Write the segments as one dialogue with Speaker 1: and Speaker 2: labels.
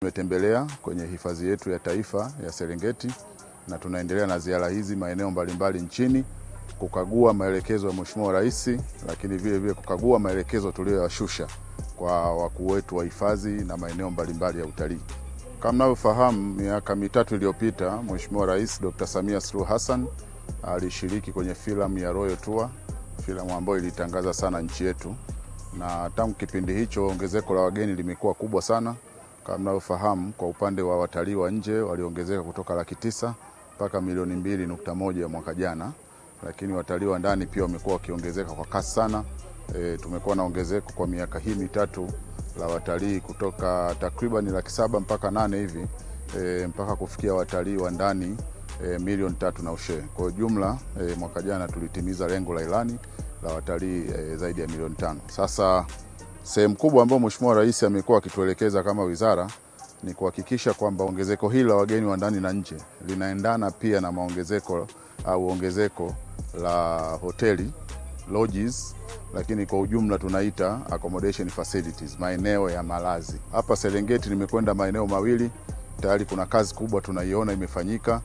Speaker 1: Tumetembelea kwenye hifadhi yetu ya taifa ya Serengeti na tunaendelea na ziara hizi maeneo mbalimbali nchini kukagua maelekezo ya Mheshimiwa Rais, lakini vile vile kukagua maelekezo tuliyoyashusha kwa wakuu wetu wa hifadhi na maeneo mbalimbali ya utalii. Kama mnavyofahamu, miaka mitatu iliyopita Mheshimiwa Rais Dr. Samia Suluhu Hassan alishiriki kwenye filamu ya Royal Tour, filamu ambayo ilitangaza sana nchi yetu, na tangu kipindi hicho ongezeko la wageni limekuwa kubwa sana. Kama mnavyofahamu, kwa upande wa watalii wa nje waliongezeka kutoka laki tisa mpaka milioni mbili nukta moja mwaka jana, lakini watalii wa ndani pia wamekuwa wakiongezeka kwa kasi sana. E, tumekuwa na ongezeko kwa miaka hii mitatu la watalii kutoka takribani laki saba mpaka nane hivi e, mpaka kufikia watalii wa ndani e, milioni tatu na ushee. Kwa jumla e, mwaka jana tulitimiza lengo la ilani la watalii e, zaidi ya milioni tano. Sasa Sehemu kubwa ambayo Mheshimiwa Rais amekuwa akituelekeza kama wizara ni kuhakikisha kwamba ongezeko hili la wageni wa ndani na nje linaendana pia na maongezeko au ongezeko la hoteli lodges, lakini kwa ujumla tunaita accommodation facilities, maeneo ya malazi. Hapa Serengeti nimekwenda maeneo mawili tayari, kuna kazi kubwa tunaiona imefanyika.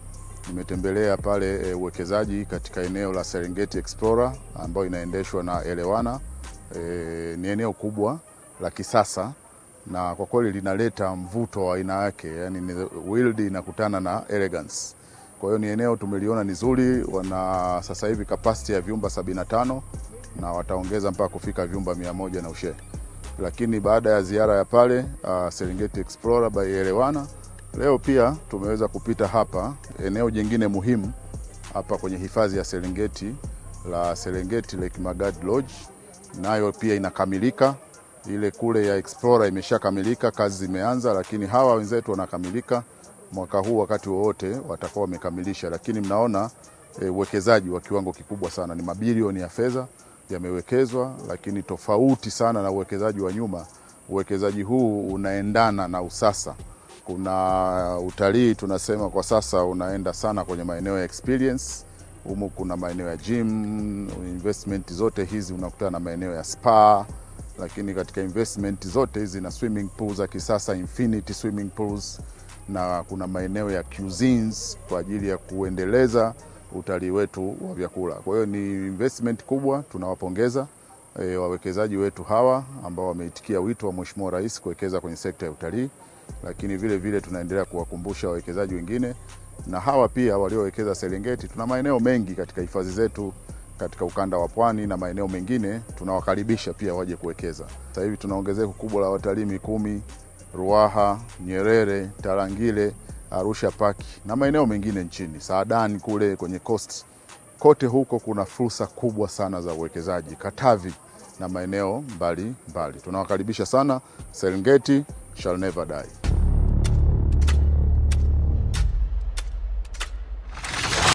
Speaker 1: Nimetembelea pale eh, uwekezaji katika eneo la Serengeti Explorer ambayo inaendeshwa na Elewana E, ni eneo kubwa la kisasa na kwa kweli linaleta mvuto wa aina yake, yani wild inakutana na elegance. Kwa hiyo ni eneo tumeliona ni zuri, wana sasa hivi capacity ya vyumba 75 na wataongeza mpaka kufika vyumba mia moja na ushe. Lakini baada ya ziara ya pale uh, Serengeti Explorer by Elewana, leo pia tumeweza kupita hapa eneo jingine muhimu hapa kwenye hifadhi ya Serengeti la Serengeti Lake Magad Lodge nayo pia inakamilika. Ile kule ya Explorer imeshakamilika, kazi zimeanza, lakini hawa wenzetu wanakamilika mwaka huu, wakati wowote watakuwa wamekamilisha. Lakini mnaona e, uwekezaji e, wa kiwango kikubwa sana, ni mabilioni ya fedha yamewekezwa, lakini tofauti sana na uwekezaji wa nyuma, uwekezaji huu unaendana na usasa. Kuna utalii tunasema kwa sasa unaenda sana kwenye maeneo ya experience humu kuna maeneo ya gym investment zote hizi, unakutana na maeneo ya spa, lakini katika investment zote hizi na swimming pools za kisasa, infinity swimming pools, na kuna maeneo ya cuisines kwa ajili ya kuendeleza utalii wetu wa vyakula. Kwa hiyo ni investment kubwa, tunawapongeza e, wawekezaji wetu hawa ambao wameitikia wito wa Mheshimiwa Rais kuwekeza kwenye sekta ya utalii lakini vile vile tunaendelea kuwakumbusha wawekezaji wengine na hawa pia waliowekeza Serengeti. Tuna maeneo mengi katika hifadhi zetu katika ukanda wa pwani na maeneo mengine, tunawakaribisha pia waje kuwekeza. Sasa hivi tuna ongezeko kubwa la watalii Mikumi, Ruaha, Nyerere, Tarangire, Arusha Paki na maeneo mengine nchini, Saadani kule kwenye coast. Kote huko kuna fursa kubwa sana za uwekezaji, Katavi na maeneo mbali mbali. Tunawakaribisha sana. Serengeti shall never die.